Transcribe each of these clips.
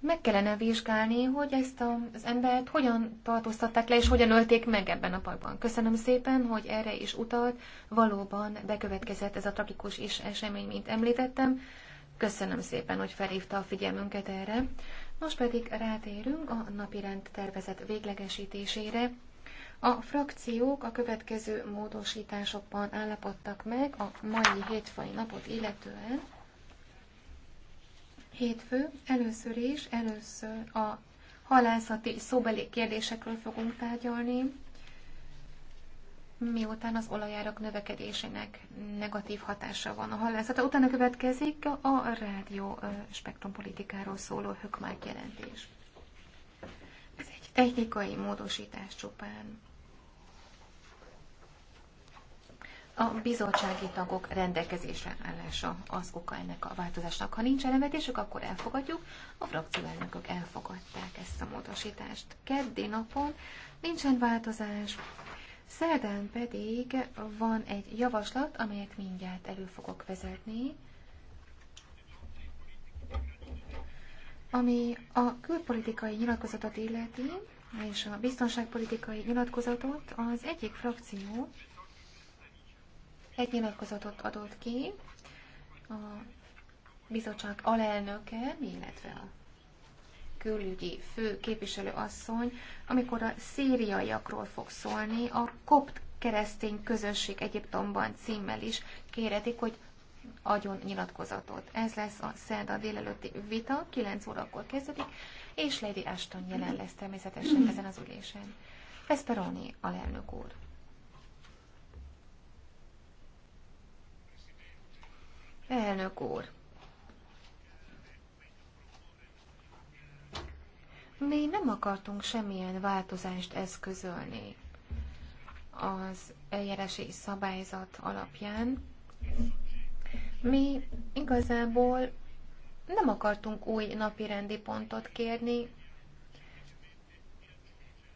meg kellene vizsgálni, hogy ezt a, az embert hogyan tartóztatták le, és hogyan ölték meg ebben a parkban. Köszönöm szépen, hogy erre is utalt. Valóban bekövetkezett ez a tragikus is esemény, mint említettem. Köszönöm szépen, hogy felhívta a figyelmünket erre. Most pedig rátérünk a napirend tervezet véglegesítésére. A frakciók a következő módosításokban állapodtak meg a mai hétfai napot illetően. Hétfő először is, először a halászati szóbeli kérdésekről fogunk tárgyalni, miután az olajárak növekedésének negatív hatása van a halászata. Utána következik a rádió spektrumpolitikáról szóló hökmák jelentés. Ez egy technikai módosítás csupán. a bizottsági tagok rendelkezésre állása az oka ennek a változásnak. Ha nincs elemetésük, akkor elfogadjuk. A frakcióelnökök elfogadták ezt a módosítást. Keddi napon nincsen változás, szerdán pedig van egy javaslat, amelyet mindjárt elő fogok vezetni, ami a külpolitikai nyilatkozatot illeti, és a biztonságpolitikai nyilatkozatot az egyik frakció egy nyilatkozatot adott ki a bizottság alelnöke, illetve a külügyi fő képviselő asszony, amikor a szíriaiakról fog szólni, a kopt keresztény közösség Egyiptomban címmel is kéretik, hogy adjon nyilatkozatot. Ez lesz a szerda délelőtti vita, 9 órakor kezdődik, és Lady Ashton jelen lesz természetesen ezen az ülésen. Esperoni alelnök úr. Elnök úr, mi nem akartunk semmilyen változást eszközölni az eljárási szabályzat alapján. Mi igazából nem akartunk új napirendi pontot kérni,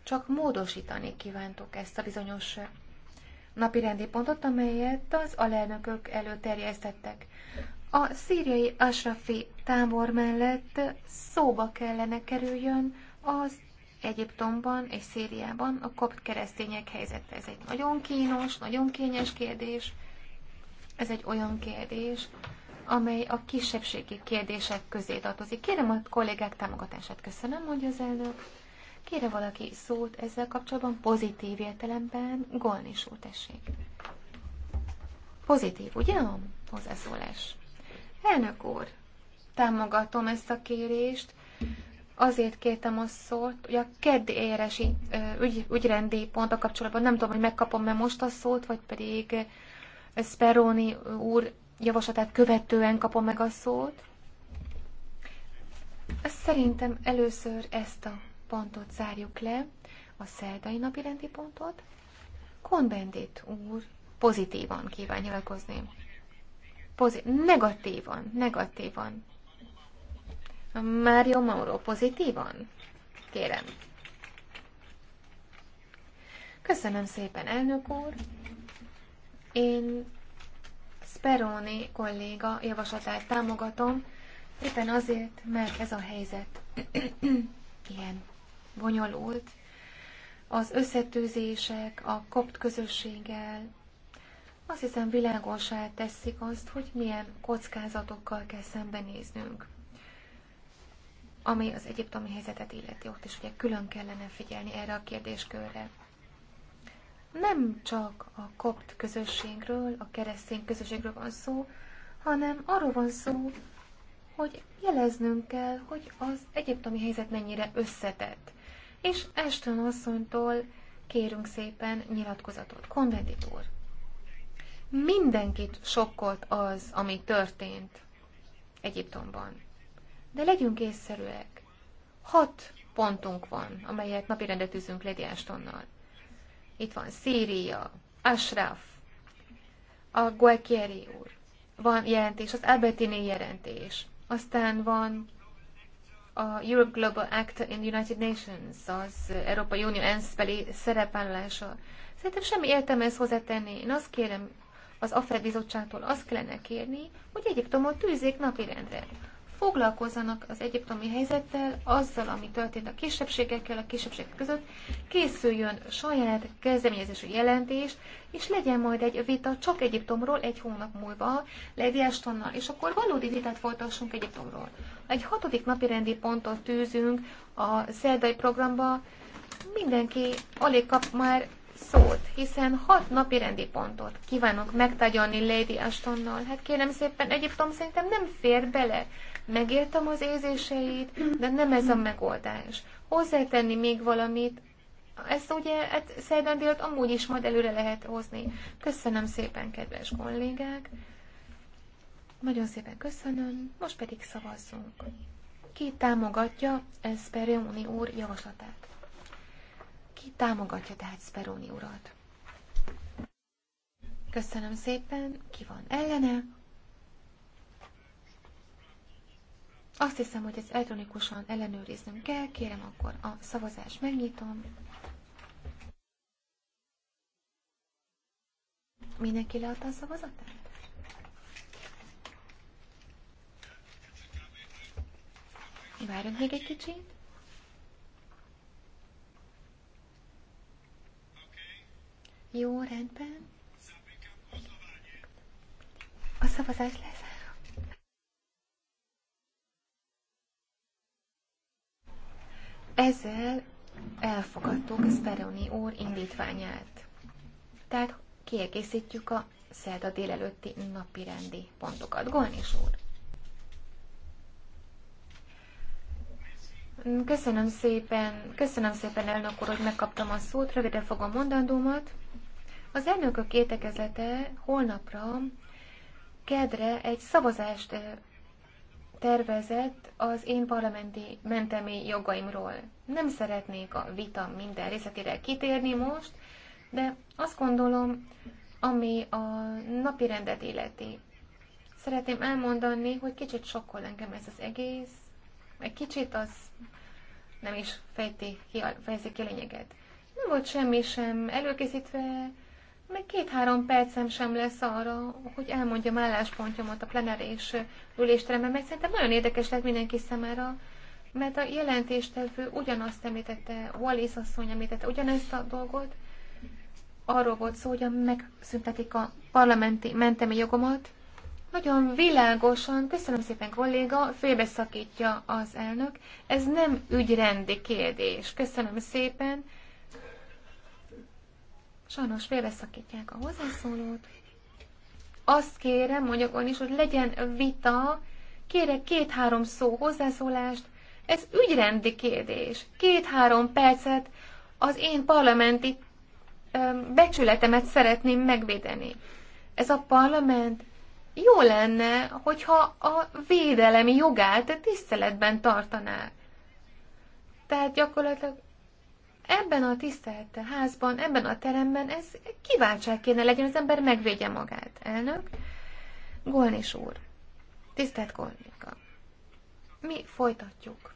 csak módosítani kívántuk ezt a bizonyos napirendi pontot, amelyet az alelnökök előterjesztettek. A szíriai Asrafi tábor mellett szóba kellene kerüljön az Egyiptomban és Szíriában a kopt keresztények helyzete. Ez egy nagyon kínos, nagyon kényes kérdés. Ez egy olyan kérdés, amely a kisebbségi kérdések közé tartozik. Kérem a kollégák támogatását. Köszönöm, hogy az elnök. Kére valaki szót ezzel kapcsolatban pozitív értelemben, Golnis úr, tessék. Pozitív, ugye hozzászólás? Elnök úr, támogatom ezt a kérést, azért kértem a szót, hogy a keddi éresi ügy, ügyrendi pont a kapcsolatban, nem tudom, hogy megkapom-e most a szót, vagy pedig Speroni úr javaslatát követően kapom meg a szót. Szerintem először ezt a pontot zárjuk le, a szerdai napi rendi pontot. Konbendit úr pozitívan kíván nyilatkozni. Pozit- negatívan, negatívan. Mário Mauro pozitívan? Kérem. Köszönöm szépen, elnök úr. Én Speroni kolléga javaslatát támogatom, éppen azért, mert ez a helyzet ilyen bonyolult, az összetűzések a kopt közösséggel, azt hiszem világosá teszik azt, hogy milyen kockázatokkal kell szembenéznünk, ami az egyiptomi helyzetet illeti. Ott is ugye külön kellene figyelni erre a kérdéskörre. Nem csak a kopt közösségről, a keresztény közösségről van szó, hanem arról van szó, hogy jeleznünk kell, hogy az egyiptomi helyzet mennyire összetett és Ashton asszonytól kérünk szépen nyilatkozatot. Konvendit úr, mindenkit sokkolt az, ami történt Egyiptomban. De legyünk észszerűek. Hat pontunk van, amelyet napirendre tűzünk Lady Ashtonnal. Itt van Szíria, Ashraf, a Gualtieri úr, van jelentés, az Albertini jelentés, aztán van a Europe Global Act in the United Nations, az Európai Unió ENSZ beli szerepállása. Szerintem semmi értelme ezt hozzátenni. Én azt kérem az AFED bizottságtól, azt kellene kérni, hogy Egyiptomot tűzzék napirendre foglalkozzanak az egyiptomi helyzettel, azzal, ami történt a kisebbségekkel, a kisebbségek között, készüljön saját kezdeményezésű jelentés, és legyen majd egy vita csak Egyiptomról egy hónap múlva, Lady Ashtonnal, és akkor valódi vitát folytassunk Egyiptomról. Egy hatodik napi rendi pontot tűzünk a szerdai programba, mindenki alig kap már szót, hiszen hat napi rendi pontot kívánok megtagyalni Lady Ashtonnal. Hát kérem szépen, Egyiptom szerintem nem fér bele Megértem az érzéseit, de nem ez a megoldás. Hozzátenni még valamit, ezt ugye hát szerdán délután amúgy is majd előre lehet hozni. Köszönöm szépen, kedves kollégák! Nagyon szépen köszönöm, most pedig szavazzunk. Ki támogatja Speroni úr javaslatát? Ki támogatja tehát Speroni urat? Köszönöm szépen, ki van ellene? Azt hiszem, hogy ezt elektronikusan ellenőriznünk kell. Kérem akkor a szavazást megnyitom. Mindenki leadta a szavazatát? Várjunk még egy kicsit. Jó, rendben. A szavazás lesz. Ezzel elfogadtuk Speroni úr indítványát. Tehát kiegészítjük a szerda délelőtti napi rendi pontokat. Golnis úr! Köszönöm szépen, köszönöm szépen elnök úr, hogy megkaptam a szót, Röviden fogom mondandómat. Az elnökök értekezlete holnapra kedre egy szavazást tervezet az én parlamenti mentemi jogaimról. Nem szeretnék a vita minden részletére kitérni most, de azt gondolom, ami a napi rendet illeti. Szeretném elmondani, hogy kicsit sokkol engem ez az egész, egy kicsit az nem is fejti ki, fejezi ki lényeget. Nem volt semmi sem előkészítve, még két-három percem sem lesz arra, hogy elmondjam álláspontjomat a plenerés ülésteremben, mert szerintem nagyon érdekes lett mindenki számára, mert a jelentéstevő ugyanazt említette, Wallis asszony említette ugyanezt a dolgot, arról volt szó, hogy megszüntetik a parlamenti mentemi jogomat. Nagyon világosan, köszönöm szépen kolléga, félbeszakítja az elnök. Ez nem ügyrendi kérdés. Köszönöm szépen. Sajnos félbeszakítják a hozzászólót. Azt kérem, mondjak ön is, hogy legyen vita, kérek két-három szó hozzászólást, ez ügyrendi kérdés. Két-három percet az én parlamenti becsületemet szeretném megvédeni. Ez a parlament jó lenne, hogyha a védelemi jogát tiszteletben tartaná. Tehát gyakorlatilag Ebben a tisztelt házban, ebben a teremben ez kiváltság kéne legyen, az ember megvédje magát. Elnök, Golnis úr, tisztelt Golnika, mi folytatjuk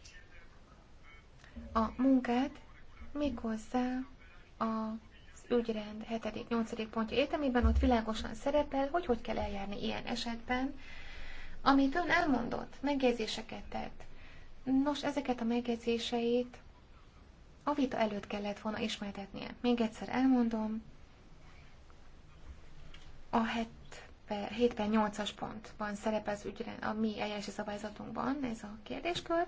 a munkát méghozzá az ügyrend 7.-8. pontja értelmében ott világosan szerepel, hogy hogy kell eljárni ilyen esetben, amit ön elmondott, megjegyzéseket tett. Nos, ezeket a megjegyzéseit a vita előtt kellett volna ismertetnie. Még egyszer elmondom, a 7 8-as pontban szerepel az ügyre, a mi eljárási szabályzatunkban ez a kérdéskör.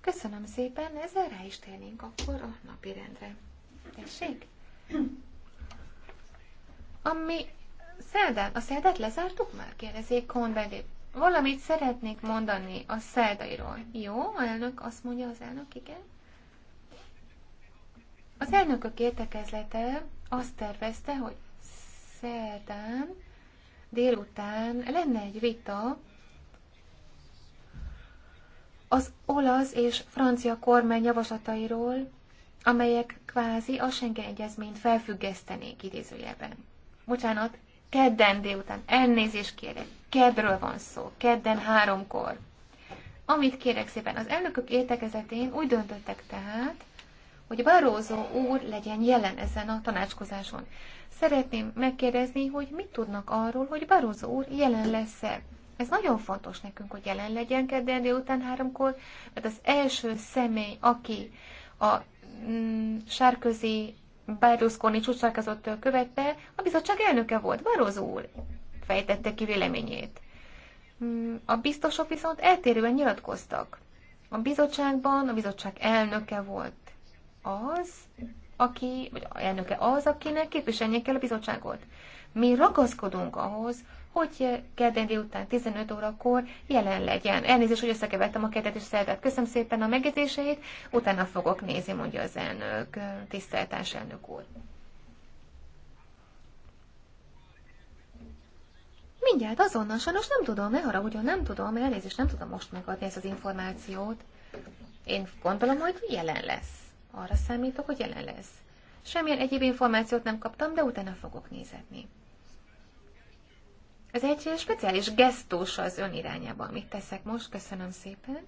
Köszönöm szépen, ezzel rá is térnénk akkor a napi rendre. Tessék? Ami szerdán, a szerdát lezártuk már? Kérdezik Konbendé. Valamit szeretnék mondani a szerdairól. Jó, a elnök azt mondja az elnök, igen. Az elnökök értekezlete azt tervezte, hogy szerdán délután lenne egy vita az olasz és francia kormány javaslatairól, amelyek kvázi a Schengen egyezményt felfüggesztenék idézőjelben. Bocsánat, kedden délután, elnézést kérek, kedről van szó, kedden háromkor. Amit kérek szépen, az elnökök értekezetén úgy döntöttek tehát, hogy Barózó úr legyen jelen ezen a tanácskozáson. Szeretném megkérdezni, hogy mit tudnak arról, hogy Barózó úr jelen lesz-e. Ez nagyon fontos nekünk, hogy jelen legyen kedden délután háromkor, mert az első személy, aki a mm, sárközi Berlusconi csúcsálkozott követte, a bizottság elnöke volt, barózó úr, fejtette ki véleményét. Mm, a biztosok viszont eltérően nyilatkoztak. A bizottságban a bizottság elnöke volt az, aki, vagy elnöke az, akinek képviselnie kell a bizottságot. Mi ragaszkodunk ahhoz, hogy kedden délután 15 órakor jelen legyen. Elnézést, hogy összekevertem a kedvet és szerdát. Köszönöm szépen a megjegyzéseit, utána fogok nézni, mondja az elnök, tiszteltás elnök úr. Mindjárt azonnal, sajnos nem tudom, ne haragudjon, nem tudom, elnézést, nem tudom most megadni ezt az információt. Én gondolom, hogy jelen lesz. Arra számítok, hogy jelen lesz. Semmilyen egyéb információt nem kaptam, de utána fogok nézetni. Ez egy speciális gesztus az ön irányába, amit teszek most. Köszönöm szépen.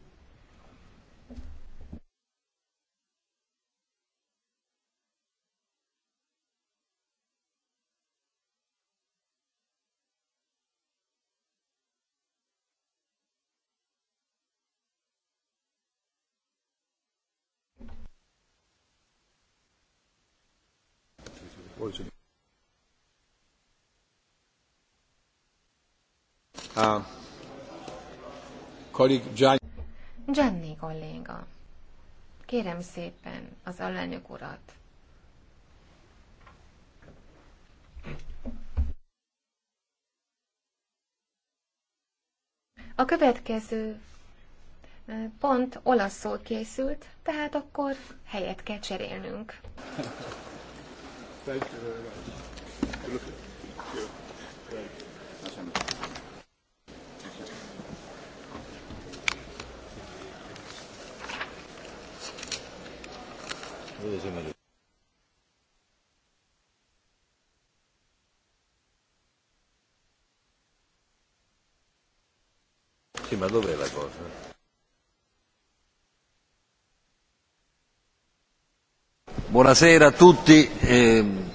Poison. Uh, colleague Gianni. Gianni kolléga, kérem szépen az alelnök urat. A következő eh, pont olaszul készült, tehát akkor helyet kell cserélnünk. Thank you very much. ma dov'è la cosa? Buonasera a tutti. Ehm.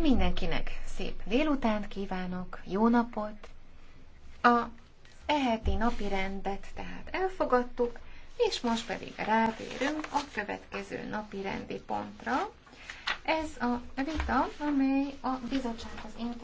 Mindenkinek szép délutánt kívánok, jó napot. A eheti napi rendet tehát elfogadtuk, és most pedig rátérünk a következő napi rendi pontra. Ez a vita, amely a bizottsághoz intézmény.